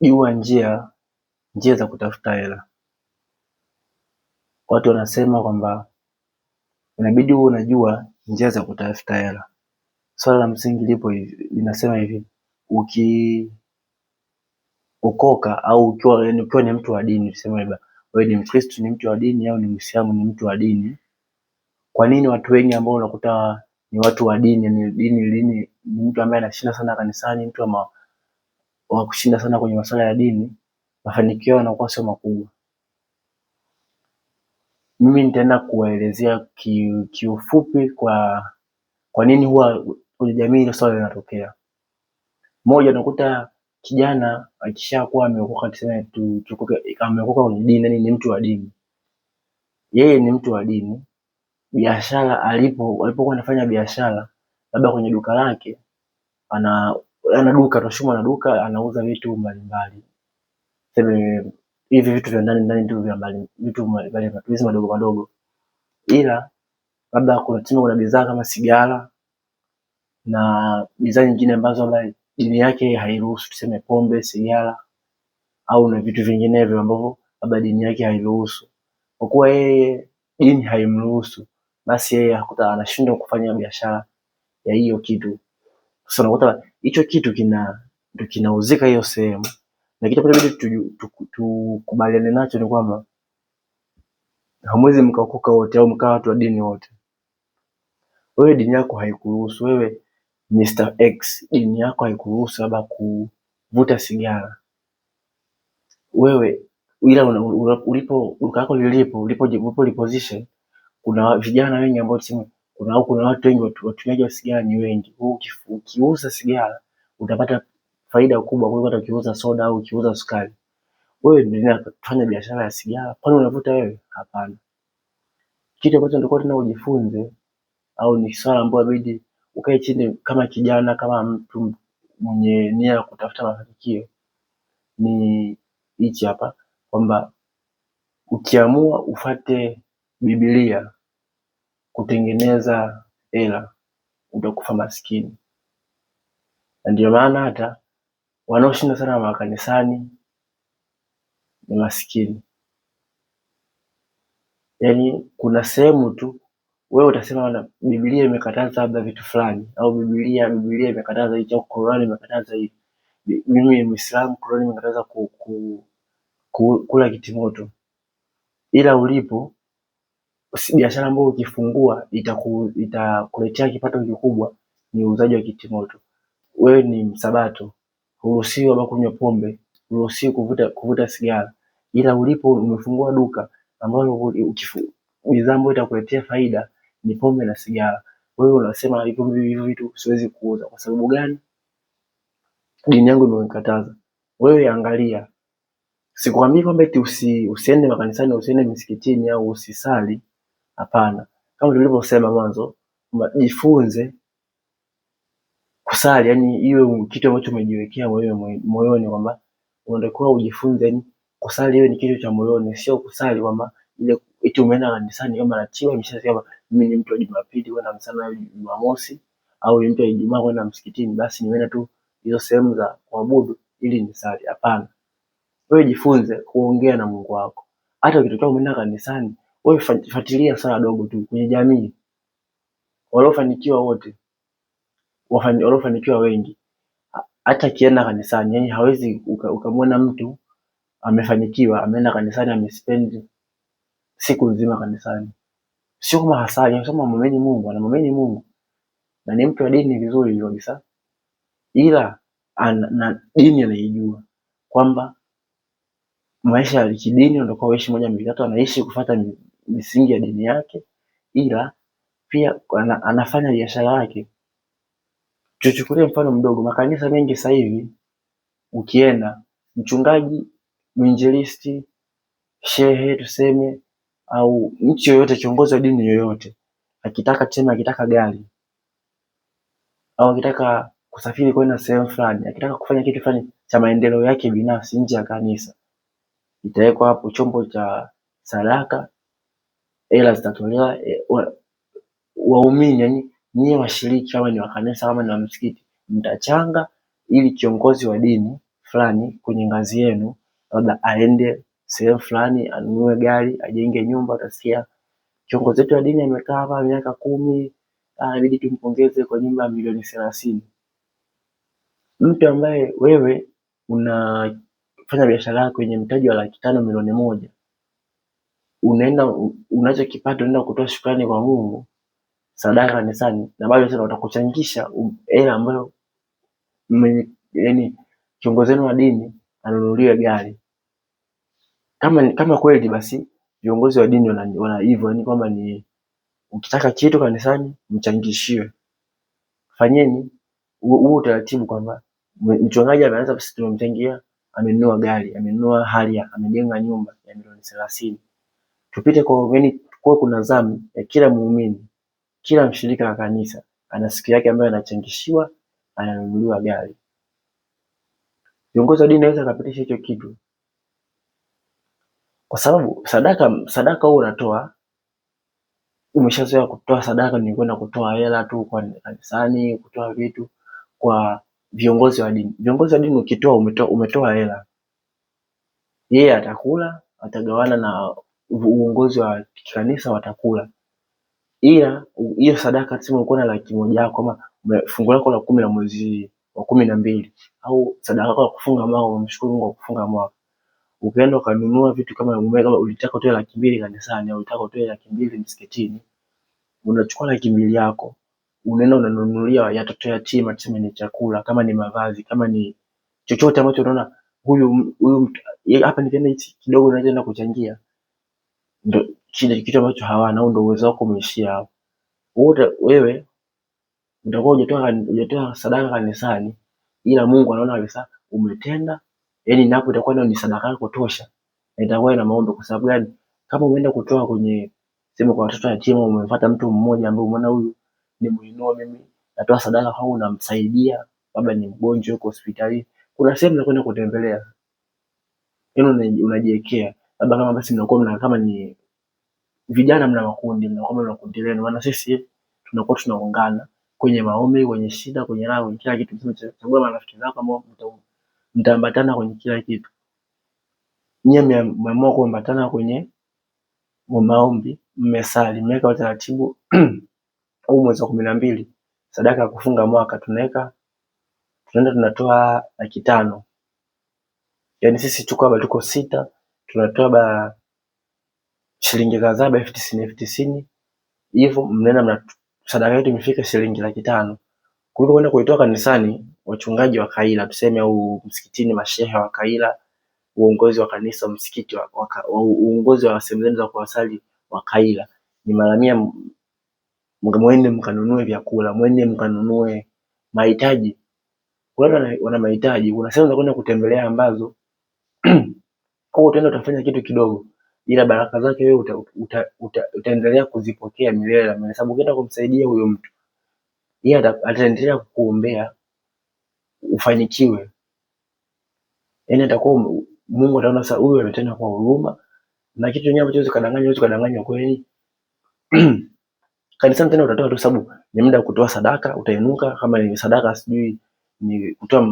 Jua njia njia za kutafuta hela. Watu wanasema kwamba inabidi uwe unajua njia za kutafuta hela. Swala la msingi lipo hivi, linasema hivi, ukiokoka au ukiwa yani, ukiwa ni mtu wa dini, tuseme labda wewe ni Mkristo, ni mtu wa dini, au ni Muislamu, ni mtu wa dini. Kwa nini watu wengi ambao unakuta ni watu wa dini, ni dini, lini, ni mtu ambaye anashinda sana kanisani, mtu ambaye wa kushinda sana kwenye masuala ya dini, mafanikio yanakuwa sio makubwa. Mimi nitaenda kuwaelezea kiufupi ki kwa kwa nini huwa kwenye jamii hilo swala linatokea. Moja, unakuta kijana akishakuwa ameokoka, tuseme ameokoka kwenye dini, yani ni mtu wa dini, yeye ni mtu wa dini. Biashara alipo alipokuwa anafanya biashara, labda kwenye duka lake, ana ana duka tunashuma na duka anauza vitu mbalimbali, sema hivi vitu vya ndani ndani ndio vya mbali, vitu mbalimbali, matumizi madogo madogo, ila labda kuna tuseme, kuna bidhaa kama sigara na bidhaa nyingine ambazo labda dini yake hairuhusu, tuseme pombe, sigara au na vitu vinginevyo ambavyo labda dini yake hairuhusu. Kwa kuwa yeye dini haimruhusu, basi yeye hakuta anashindwa kufanya biashara ya hiyo kitu. Sasa unakuta hicho kitu kina kinauzika hiyo sehemu, na kitu ambacho bidi tukubaliane nacho ni kwamba hamwezi mkaokoka wote au mkaa watu wa dini wote. Wewe dini yako haikuruhusu wewe, Mr X, dini yako haikuruhusu labda kuvuta sigara wewe ila ulipo ulipo lilipo ulipo position, kuna vijana wengi ambao tuseme kuna kuna watu wengi, watumiaji wa sigara ni wengi. Kwa hiyo Ukiuza sigara utapata faida kubwa kuliko hata ukiuza soda au ukiuza sukari. Wewe ndio unafanya biashara ya sigara, kwani unavuta wewe? Hapana. Kitu ambacho nilikuwa tuna ujifunze au ni swala ambayo inabidi ukae chini kama kijana, kama mtu mwenye nia ya kutafuta mafanikio, ni hichi hapa kwamba ukiamua ufate Biblia kutengeneza hela utakufa maskini. Na ndio maana hata wanaoshinda sana makanisani ni maskini. Yaani kuna sehemu tu wewe utasema na Biblia imekataza labda vitu fulani, au Biblia Biblia imekataza hicho, au Qur'an imekataza hivi. Mimi ni Muislamu, Qur'an imekataza ku, ku, ku, kula kitimoto, ila ulipo biashara ambayo ukifungua itakuletea ita kipato kikubwa ni uuzaji wa kitimoto. Wewe ni msabato, huruhusiwi labda kunywa pombe, huruhusiwi kuvuta, kuvuta sigara, ila ulipo umefungua duka ambalo bidhaa ambayo itakuletea faida ni pombe na sigara, wewe unasema hivyo vitu siwezi kuuza. Kwa sababu gani? Dini yangu imekataza. Wewe angalia, sikwambii kwamba eti usi, usiende makanisani, usiende misikitini au usisali Hapana, kama tulivyosema mwanzo, jifunze kusali, yani iwe kitu ambacho umejiwekea wewe moyoni kwamba unatakiwa ujifunze, yani kusali iwe ni kitu cha moyoni, sio kusali kwamba ile eti umeenda kanisani kama natiwa mshasi kama mimi ni mtu wa Jumapili kwenda msana wa Jumamosi au mtu wa Ijumaa kwenda msikitini, basi nimeenda tu hizo sehemu za kuabudu ili nisali. Hapana, wewe jifunze kuongea na Mungu wako, hata ukitokea umeenda kanisani wewe fuatilia sana dogo tu kwenye jamii, waliofanikiwa wote, waliofanikiwa wengi. Hata akienda kanisani, yani hawezi ukamwona mtu amefanikiwa ameenda kanisani amespend siku nzima kanisani, sio kama hasali. Anasema mwamini Mungu, anamwamini Mungu na ni mtu wa dini vizuri hivyo kabisa, ila an, na dini anaijua kwamba maisha ya kidini ndio kwa uishi moja mbili tatu, anaishi kufuata misingi ya dini yake, ila pia anafanya biashara yake. Tuchukulie mfano mdogo, makanisa mengi sasa hivi ukienda, mchungaji, mwinjilisti, shehe tuseme, au mtu yoyote, kiongozi wa dini yoyote, akitaka tuseme, akitaka gari au akitaka kusafiri kwenda sehemu fulani, akitaka kufanya kitu fulani cha maendeleo yake binafsi nje ya kanisa, itawekwa hapo chombo cha sadaka hela zitatolewa e, waumini yani nyie washiriki kama ni wa kanisa kama ni wa msikiti mtachanga ili kiongozi wa dini fulani kwenye ngazi yenu labda aende sehemu fulani anunue gari ajenge nyumba. Utasikia kiongozi wetu wa dini amekaa hapa miaka kumi, anabidi ah, tumpongeze kwa nyumba ya milioni thelathini. Mtu ambaye wewe unafanya biashara yako yenye mtaji wa laki tano milioni moja unaenda unachokipata unaenda kutoa shukrani kwa Mungu, sadaka kanisani, na bado tena utakuchangisha hela ambayo mwenye yani kiongozi wenu wa dini anunuliwe gari. Kama kama kweli basi viongozi wa dini wana wana hivyo, yani kwamba ni ukitaka kitu kanisani mchangishiwe. Fanyeni huo utaratibu kwamba mchungaji ameanza, basi tumemchangia, amenunua gari, amenunua hali, amejenga nyumba ya milioni thelathini. Tupite kwa waumini, kuwe kuna zamu ya kila muumini, kila mshirika wa kanisa ana siku yake ambayo anachangishiwa, ananunuliwa gari. Viongozi wa dini naweza akapitisha hicho kitu, kwa sababu sadaka sadaka wewe unatoa umeshazoea kutoa sadaka, ni kwenda kutoa hela tu kwa kanisani, kutoa vitu kwa viongozi wa dini. Viongozi wa dini ukitoa, umetoa umetoa hela, yeye atakula, atagawana na uongozi wa kanisa watakula, ila hiyo sadaka tuseme ulikuwa na laki moja yako ama fungu lako la kumi la mwezi wa kumi na mbili au sadaka yako ya kufunga mwaka, umshukuru Mungu kwa kufunga mwaka, ukaenda ukanunua vitu kama umeweka, ulitaka utoe laki mbili kanisani au ulitaka utoe laki mbili msikitini, unachukua laki mbili yako unaenda unanunulia watoto yatima, tuseme ni chakula, kama ni mavazi, kama ni chochote ambacho unaona huyu huyu hapa, nipende hichi kidogo, unaenda kuchangia ndo chini ya kitu ambacho hawana au ndo uwezo wako umeishia hapo. Wote wewe utakuwa hujatoa hujatoa sadaka kanisani, ila Mungu anaona kabisa umetenda, yani napo itakuwa ndio ni sadaka yako tosha, na itakuwa ina maombi. Kwa sababu gani? Kama umeenda kutoa kwenye sema kwa watoto yatima, umemfuata mtu mmoja ambaye umeona huyu ni muinua, mimi natoa sadaka kwa unamsaidia, labda ni mgonjwa yuko hospitali, kuna sehemu za kwenda kutembelea, yani unajiwekea labda kama basi mnakuwa mna kama ni vijana mna makundi, mnakuwa mna kundi lenu, maana sisi tunakuwa tunaungana kwenye maombi, kwenye shida, kwenye raha, kwenye kila kitu. Chagua marafiki zako ambao mtaambatana kwenye kila kitu. Nyie mmeamua kuambatana kwenye maombi, mmesali, mmeweka utaratibu huu mwezi wa kumi na mbili sadaka ya kufunga mwaka tunaweka, tunaenda tunatoa laki tano. Yani sisi tuko hapa tuko sita tunatoa ba shilingi kadhaa ba elfu tisini elfu tisini hivyo, mnaenda mna sadaka yetu imefika shilingi laki tano kuliko kwenda kuitoa kanisani. Wachungaji wa Kaila tuseme, au msikitini, mashehe wa Kaila, uongozi wa kanisa msikiti wa, wa, wa uongozi wa sehemu za kuwasali wa Kaila ni mara mia, mwende mkanunue vyakula, mwende mkanunue mahitaji, wana mahitaji. Kuna sehemu za kwenda kutembelea ambazo Kwa hiyo utaenda utafanya kitu kidogo, ila baraka zake wewe uta, uta, uta, utaendelea kuzipokea milele na milele, sababu ukienda kumsaidia huyo mtu yeye ataendelea kukuombea ufanikiwe, Yani atakuwa Mungu ataona sasa huyu ametenda kwa huruma, na kitu chenyewe ambacho kadanganya, huwezi kadanganya kweli kanisani tena utatoa tu, sababu ni muda wa kutoa sadaka, utainuka kama ni sadaka, sijui ni kutoa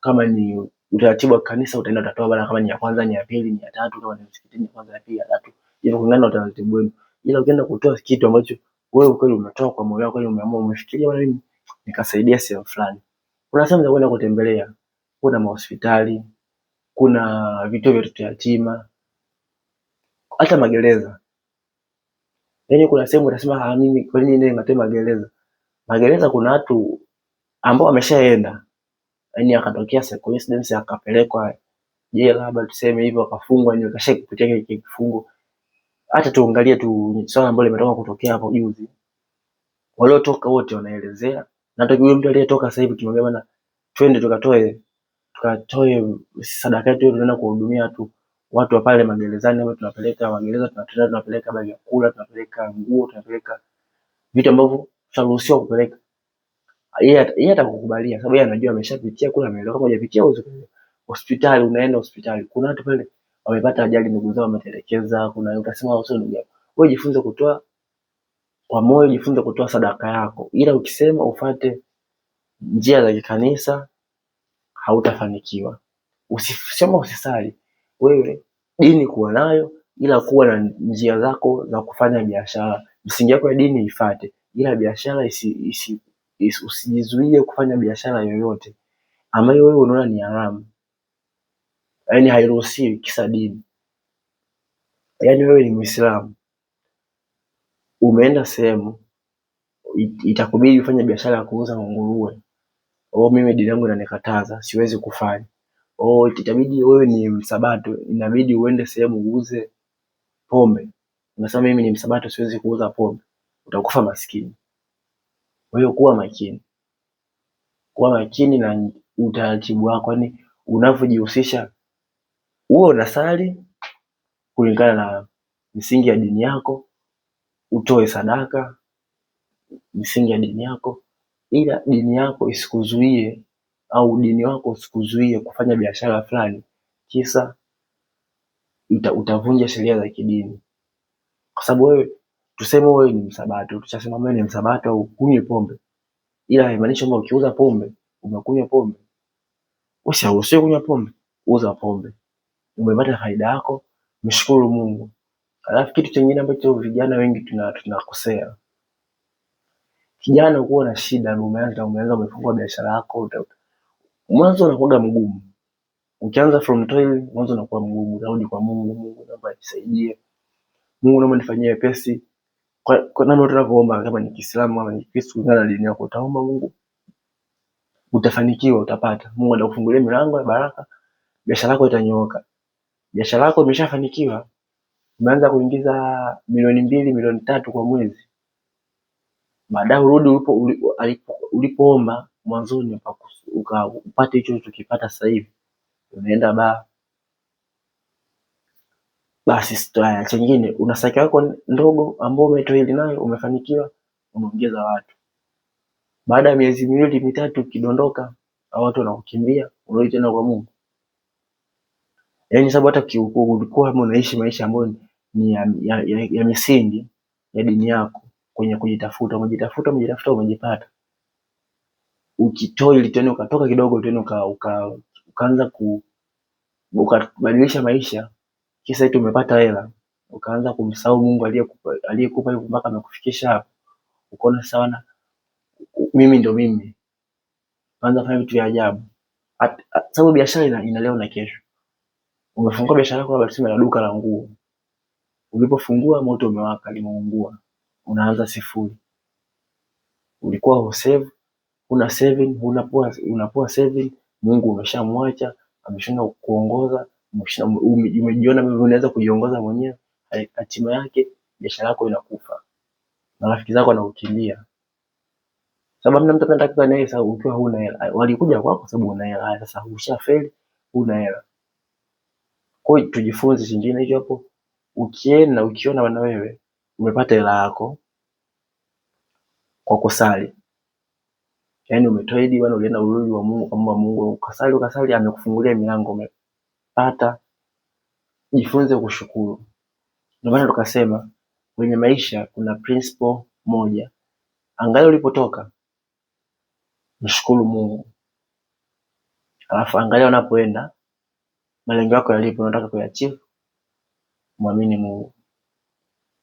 kama ni utaratibu wa kanisa utaenda utatoa bana, kama ni ya kwanza ni ya pili ni ya tatu, kama ni msikitini ya kwanza ya pili ya tatu, hivyo kulingana na utaratibu wenu. Ila ukienda kutoa kitu ambacho wewe kweli umetoa kwa moyo wako, umeamua umeshikilia, bwana mimi nikasaidia sehemu fulani. Kuna sehemu za kwenda kutembelea, kuna mahospitali, kuna vituo vya watoto yatima, hata magereza. Yani kuna sehemu utasema, ah, mimi kwa nini ndio magereza? Magereza kuna watu ambao wameshaenda yani akatokea coincidence akapelekwa jela, labda tuseme hivyo, akafungwa, ni kasha kupitia kile kifungo. Hata tuangalie tu swala ambalo limetoka kutokea hapo juzi, waliotoka wote wanaelezea, na hata yule mtu aliyetoka sasa hivi bwana, twende tukatoe tukatoe sadaka yetu, tunaenda kuhudumia tu watu wa pale magerezani, ambao tunapeleka magereza, tunapeleka tunapeleka vyakula, tunapeleka nguo, tunapeleka vitu ambavyo tutaruhusiwa kupeleka yeye atakukubalia, sababu yeye anajua ameshapitia kule, ameelewa. Kama hujapitia hospitali, unaenda hospitali, kuna watu pale wamepata ajali, ndugu zao wametelekeza, kuna utasema wao sio ndugu yako. Wewe jifunze kutoa kwa moyo, jifunze kutoa sadaka yako, ila ukisema ufate njia za kikanisa hautafanikiwa. Usisema usisali, wewe dini kuwa nayo, ila kuwa na njia zako za kufanya biashara. Msingi wako ya dini ifate, ila biashara isi, isi usijizuie kufanya biashara yoyote ambayo wewe unaona ni haramu, yaani hairuhusiwi kisadini. Yaani wewe ni Muislamu, umeenda sehemu itakubidi ufanye biashara ya kuuza nguruwe, oh, mimi dini yangu inanikataza, siwezi kufanya. Oh, itabidi wewe ni msabato, inabidi uende sehemu uuze pombe, unasema mimi ni msabato, siwezi kuuza pombe, utakufa maskini. Kwa hiyo kuwa makini, kuwa makini na utaratibu wako, yani unavyojihusisha, na unasali kulingana na misingi ya dini yako, utoe sadaka misingi ya dini yako, ila dini yako isikuzuie au dini wako usikuzuie kufanya biashara fulani, kisa uta, utavunja sheria za kidini, kwa sababu wewe tuseme wewe ni msabato, tushasema wewe ni msabato au kunywe pombe, ila haimaanishi kwamba ukiuza pombe umekunywa pombe. Usiruhusi kunywa pombe, uza pombe. Umepata faida yako, mshukuru Mungu. Alafu kitu kingine ambacho vijana wengi tunakosea tuna kijana ukuwa na shida, na umeanza umeanza umefungua biashara yako, mwanzo unakuwa mgumu. Ukianza from toil, mwanzo unakuwa mgumu, rudi kwa Mungu. Mungu naomba nisaidie, Mungu naomba nifanyie wepesi, kwa namna unataka kuomba, kama ni Kiislamu ama ni Kristo, kulingana na dini yako, utaomba Mungu utafanikiwa, utapata. Mungu atakufungulia milango ya baraka, biashara yako itanyooka. Biashara yako imeshafanikiwa, umeanza kuingiza milioni mbili, milioni tatu kwa mwezi, baadaye urudi ulipo ulipoomba mwanzoni, upate hicho ulichokipata sasa hivi, unaenda baa basi cha nyingine, una saki yako ndogo ambao umetoili nayo, umefanikiwa, unaongeza watu. Baada ya miezi miwili mitatu, ukidondoka au watu wanakukimbia, unarudi tena kwa Mungu. Yani sababu hata ulikuwa unaishi maisha ambayo ni ya, ya, ya, ya misingi ya dini yako kwenye kujitafuta, umejitafuta, umejitafuta, umejipata ukitoi tena ukatoka kidogo tena ukaanza ukabadilisha maisha kisa eti umepata hela, ukaanza kumsahau Mungu aliyekupa aliyekupa hiyo mpaka amekufikisha hapa, ukaona sawana, mimi ndio mimi, ukaanza kufanya vitu vya ajabu, sababu biashara ina, ina leo na kesho. Umefungua biashara yako labda tuseme la duka la nguo, ulipofungua moto umewaka, limeungua, unaanza sifuri. Ulikuwa husave, una saving, unapoa unapoa saving, Mungu umeshamwacha, ameshindwa kukuongoza, Um, um, umejiona vile unaweza kujiongoza mwenyewe, hatima yake biashara yako inakufa, marafiki zako wanakukimbia, sababu mna mtu anataka naye sasa. Ukiwa huna hela, walikuja kwako sababu una hela. Sasa ushafeli, huna hela. Kwa hiyo tujifunze chingine hicho hapo. Ukienda ukiona bana, wewe umepata hela yako kwa kusali yani umetoa hidi bwana, ulienda urudi wa Mungu, kama Mungu ukasali, ukasali amekufungulia milango hata jifunze kushukuru. Ndio maana tukasema kwenye maisha kuna principle moja, angalia ulipotoka, mshukuru Mungu, alafu angalia unapoenda, malengo yako yalipo, unataka kuyachieve, mwamini Mungu.